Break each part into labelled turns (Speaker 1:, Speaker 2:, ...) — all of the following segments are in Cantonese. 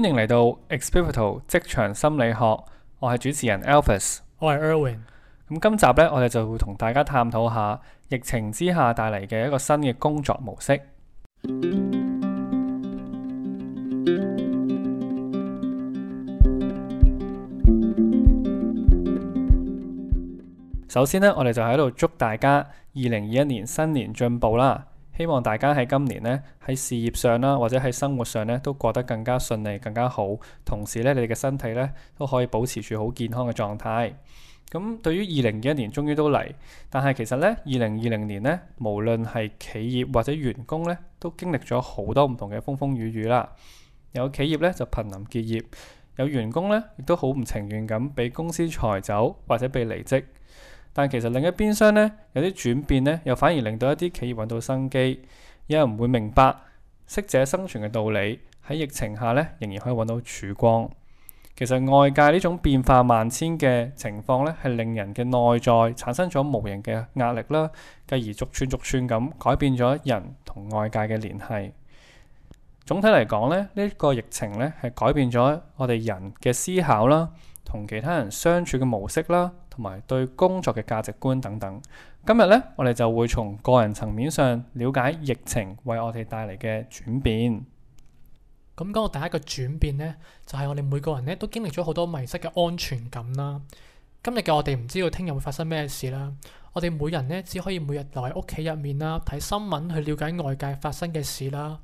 Speaker 1: 歡迎嚟到 Experito 職場心理學，我係主持人 Alfis，我係 Erwin。咁今集呢，我哋就會同大家探討下疫情之下帶嚟嘅一個新嘅工作模式。 首先呢，我哋就喺度祝大家二零二一年新年進步啦！希望大家喺今年呢，喺事業上啦、啊，或者喺生活上呢，都過得更加順利、更加好。同時咧，你哋嘅身體呢，都可以保持住好健康嘅狀態。咁、嗯、對於二零二一年終於都嚟，但係其實呢，二零二零年呢，無論係企業或者員工呢，都經歷咗好多唔同嘅風風雨雨啦。有企業呢，就瀕臨結業，有員工呢，亦都好唔情願咁被公司裁走或者被離職。但其實另一邊廂呢，有啲轉變呢，又反而令到一啲企業揾到生機，有人唔會明白適者生存嘅道理，喺疫情下呢，仍然可以揾到曙光。其實外界呢種變化萬千嘅情況呢，係令人嘅內在產生咗無形嘅壓力啦，繼而逐寸逐寸咁改變咗人同外界嘅聯繫。總體嚟講呢，呢、呢個疫情呢，係改變咗我哋人嘅思考啦。同其他人相處嘅模式啦，同埋對工作嘅價值觀等等。今日呢，我哋就會從個人層面上了解疫情為我哋
Speaker 2: 帶嚟嘅轉變。咁講到第一個轉變呢，就係我哋每個人呢都經歷咗好多迷失嘅安全感啦。今日嘅我哋唔知道聽日會發生咩事啦。我哋每人呢只可以每日留喺屋企入面啦，睇新聞去了解外界發生嘅事啦。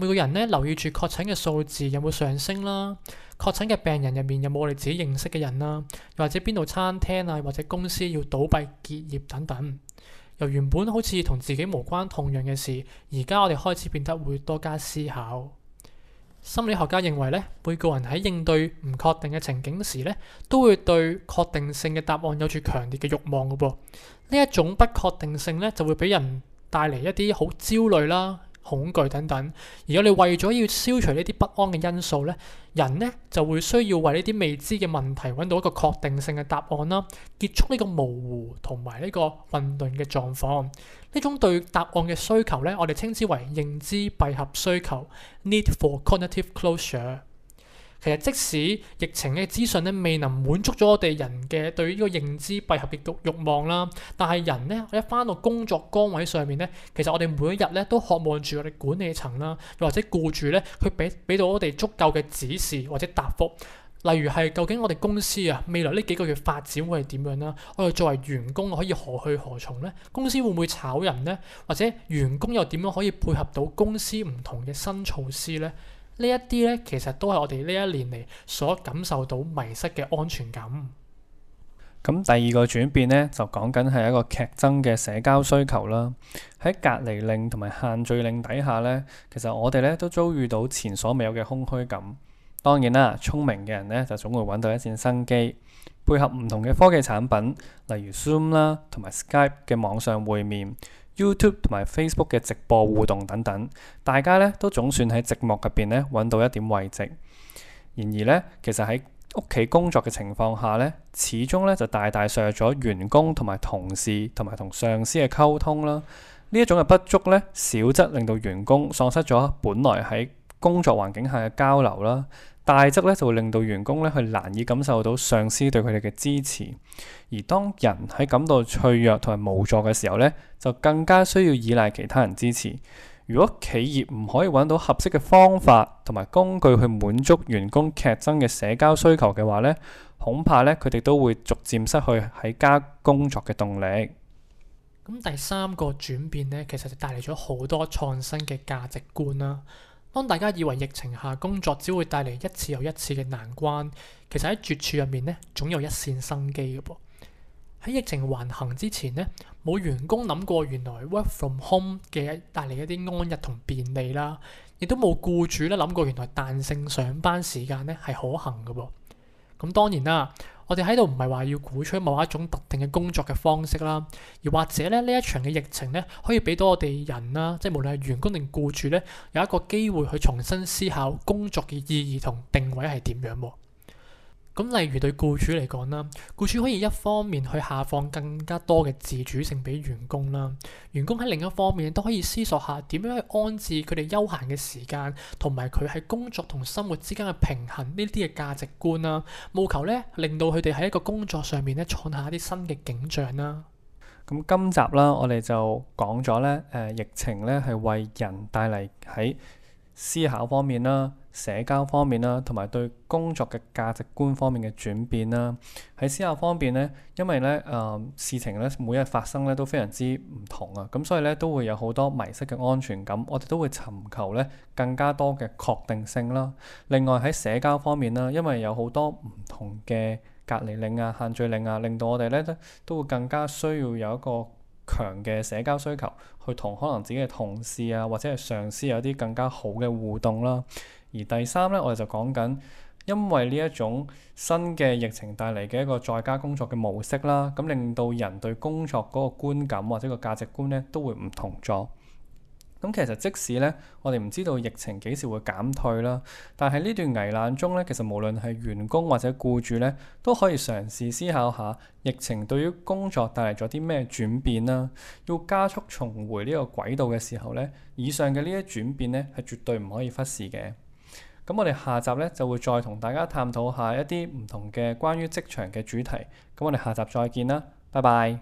Speaker 2: 每個人咧留意住確診嘅數字有冇上升啦，確診嘅病人入面有冇我哋自己認識嘅人啦，又或者邊度餐廳啊或者公司要倒閉結業等等，由原本好似同自己無關痛癢嘅事，而家我哋開始變得會多加思考。心理學家認為咧，每個人喺應對唔確定嘅情景時咧，都會對確定性嘅答案有住強烈嘅慾望嘅噃，呢一種不確定性咧就會俾人帶嚟一啲好焦慮啦、恐懼等等，而我哋為咗要消除呢啲不安嘅因素咧，人咧就會需要為呢啲未知嘅問題揾到一個確定性嘅答案啦，結束呢個模糊同埋呢個混沌嘅狀況。呢種對答案嘅需求咧，我哋稱之為認知閉合需求 （need for cognitive closure）。其實即使疫情嘅資訊咧未能滿足咗我哋人嘅對於呢個認知閉合嘅欲望啦，但係人咧一返到工作崗位上面咧，其實我哋每一日咧都渴望住我哋管理層啦，又或者僱主咧，佢俾俾到我哋足夠嘅指示或者答覆。例如係究竟我哋公司啊，未來呢幾個月發展會係點樣啦？我哋作為員工可以何去何從咧？公司會唔會炒人咧？或者員工又點樣可以配合到公司唔同嘅新措施咧？呢一啲呢，其實都係我哋呢一年嚟所感受到迷失嘅安全感。咁
Speaker 1: 第二個轉變呢，就講緊係一個劇增嘅社交需求啦。喺隔離令同埋限聚令底下呢，其實我哋呢都遭遇到前所未有嘅空虛感。當然啦，聰明嘅人呢，就總會揾到一線生機，配合唔同嘅科技產品，例如 Zoom 啦同埋 Skype 嘅網上會面。YouTube 同埋 Facebook 嘅直播互動等等，大家咧都總算喺寂寞入邊咧揾到一點慰藉。然而咧，其實喺屋企工作嘅情況下咧，始終咧就大大削弱咗員工同埋同事同埋同上司嘅溝通啦。呢一種嘅不足咧，少則令到員工喪失咗本來喺工作環境下嘅交流啦，大則咧就會令到員工咧去難以感受到上司對佢哋嘅支持。而當人喺感到脆弱同埋無助嘅時候咧，就更加需要依賴其他人支持。如果企業唔可以揾到合適嘅方法同埋工具去滿足員工劇增嘅社交需求嘅話咧，恐怕咧佢哋都會逐漸失去喺家工作嘅動力。
Speaker 2: 咁第三個轉變咧，其實就帶嚟咗好多創新嘅價值觀啦。當大家以為疫情下工作只會帶嚟一次又一次嘅難關，其實喺絕處入面咧，總有一線生機嘅噃。喺疫情橫行之前咧，冇員工諗過原來 work from home 嘅帶嚟一啲安逸同便利啦，亦都冇僱主咧諗過原來彈性上班時間咧係可行嘅噃。咁當然啦。.我哋喺度唔係話要鼓吹某一種特定嘅工作嘅方式啦，而或者咧呢一場嘅疫情咧，可以俾到我哋人啦、啊，即係無論係員工定僱主咧，有一個機會去重新思考工作嘅意義同定位係點樣。咁例如對僱主嚟講啦，僱主可以一方面去下放更加多嘅自主性俾員工啦，員工喺另一方面都可以思索下點樣去安置佢哋休閒嘅時間，同埋佢喺工作同生活之間嘅平衡呢啲嘅價值觀啦，務求咧令到佢哋喺一個工作上面咧創下一啲新嘅景象啦。
Speaker 1: 咁今集啦，我哋就講咗咧，誒疫情咧係為人帶嚟喺。思考方面啦、社交方面啦，同埋對工作嘅價值觀方面嘅轉變啦。喺思考方面咧，因為咧誒事情咧每日發生咧都非常之唔同啊，咁所以咧都會有好多迷失嘅安全感，我哋都會尋求咧更加多嘅確定性啦。另外喺社交方面啦，因為有好多唔同嘅隔離令啊、限聚令啊，令到我哋咧都都會更加需要有一個。強嘅社交需求，去同可能自己嘅同事啊，或者係上司有啲更加好嘅互動啦。而第三咧，我哋就講緊，因為呢一種新嘅疫情帶嚟嘅一個在家工作嘅模式啦，咁令到人對工作嗰個觀感或者個價值觀咧，都會唔同咗。咁其實即使呢，我哋唔知道疫情幾時會減退啦，但係呢段危難中呢，其實無論係員工或者僱主呢，都可以嘗試思考下疫情對於工作帶嚟咗啲咩轉變啦。要加速重回呢個軌道嘅時候呢，以上嘅呢啲轉變呢，係絕對唔可以忽視嘅。咁我哋下集呢，就會再同大家探討下一啲唔同嘅關於職場嘅主題。咁我哋下集再見啦，拜拜。